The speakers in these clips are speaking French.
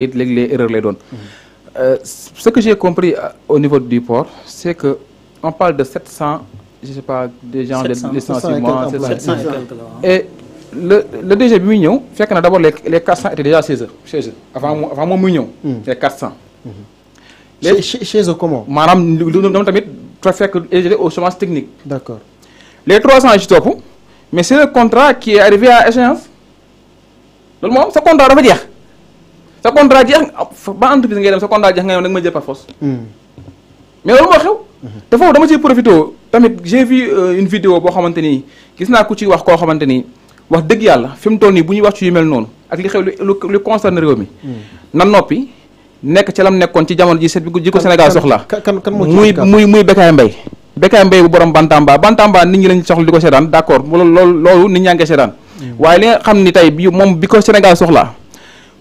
et les erreurs Euh, ce que j'ai compris euh, au niveau du port c'est que on parle de 700 je ne sais pas des gens de licenciement et le le DG Mignon, muy qu'on a d'abord les 400 étaient déjà chez eux chez eux avant avant mon mignon hmm. les 400 les chez eux comment maanaam de tamit que que au chômage technique d'accord les 300 je suis topp mais c'est le contrat qui est arrivé à échéance Le monde, contrat, contrat veut dire sa contrat jeex ba entreprise ngay dem sa contrat jeex ngay yoon ma nga may jël par hmm. mais loolu moo xew. te foofu dama ci profito tamit j'ai vu euh, une vidéo bo xamanteni gis na ku ci wax ko xamanteni wax deug yalla fim mu buñu wax ci yu mel noonu ak li xew lu concerne réew mi. Hmm. na nopi nek ci lam nekkon ci jamono ji set bi ko kan- senegal kan- soxla. kan kan, kan muy muy muy bekay mbay bekay mbay bu borom Bantamba Bantamba nit ñi lañ soxla diko ko d'accord lolu loolu nit ñi nga koy hmm. waye li nga xamni tay bi mom biko senegal soxla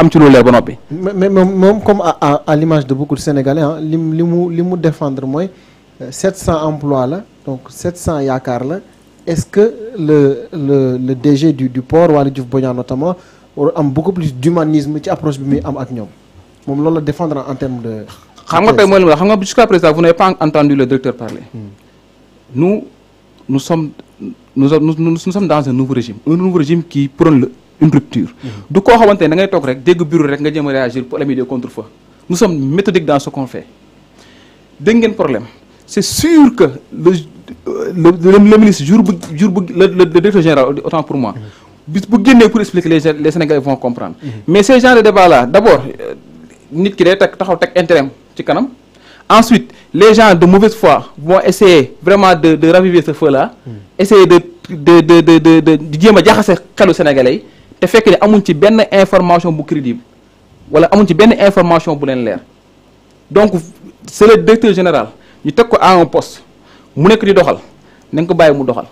Même comme à à l'image de beaucoup de sénégalais hein, li limu limu défendre 700 euh, emplois là, donc 700 yakar là est-ce que le le le DG du port Waly Diouf Bodian notamment a am beaucoup plus d'humanisme ci approche bi muy am ak ñom défendre en termes de. xam nga tay mooy xam nga jusqu'à présent vous n'avez pas entendu le directeur parler. Hmm. nous nous sommes nous nous nous sommes dans un nouveau régime un nouveau régime qui prône le une rupture du quoi on ne ngay toog bureau rek nga a réagir pour l'ami de contre feu nous sommes méthodiques dans ce qu'on fait D'un un problème c'est sûr que le euh, ministre jour jour le directeur général autant pour moi bis bu pour expliquer les les Sénégalais vont comprendre mais ces gens de débat là d'abord euh, ils ki day teg taxaw intérêt ensuite les gens de mauvaise foi vont essayer vraiment de de raviver ce feu là essayer de dire de de de de jéem Sénégalais te fekk ni amuñ ci benn information bu crédible wala amuñ ci benn information bu leen leer donc c'est le directeur général ñu teg ko à un poste mu nekk di doxal nañ ko bàyyi mu doxal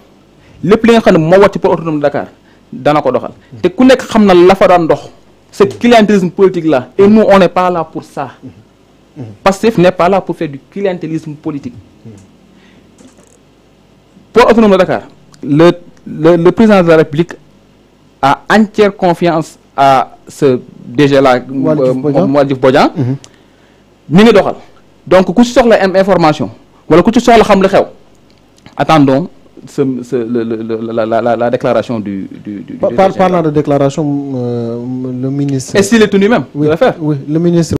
lépp li nga xam ne moo ci autonome de Dakar dana ko doxal te ku nekk xam na la fa daan dox ce clientélisme politique là et nous on n'est pas là pour ça Pastef n'est pas là pour faire du clientélisme politique Pour autonome Dakar le le le président de la République entière confiance à ce DG-là Mouadjif Bodjan. Donc, ngi donc ku ci information wala ku ci xam attendons ce le, le, la, la, la déclaration du du du. Par, la de déclaration euh, le ministre. est-il tenu même. oui oui le ministre.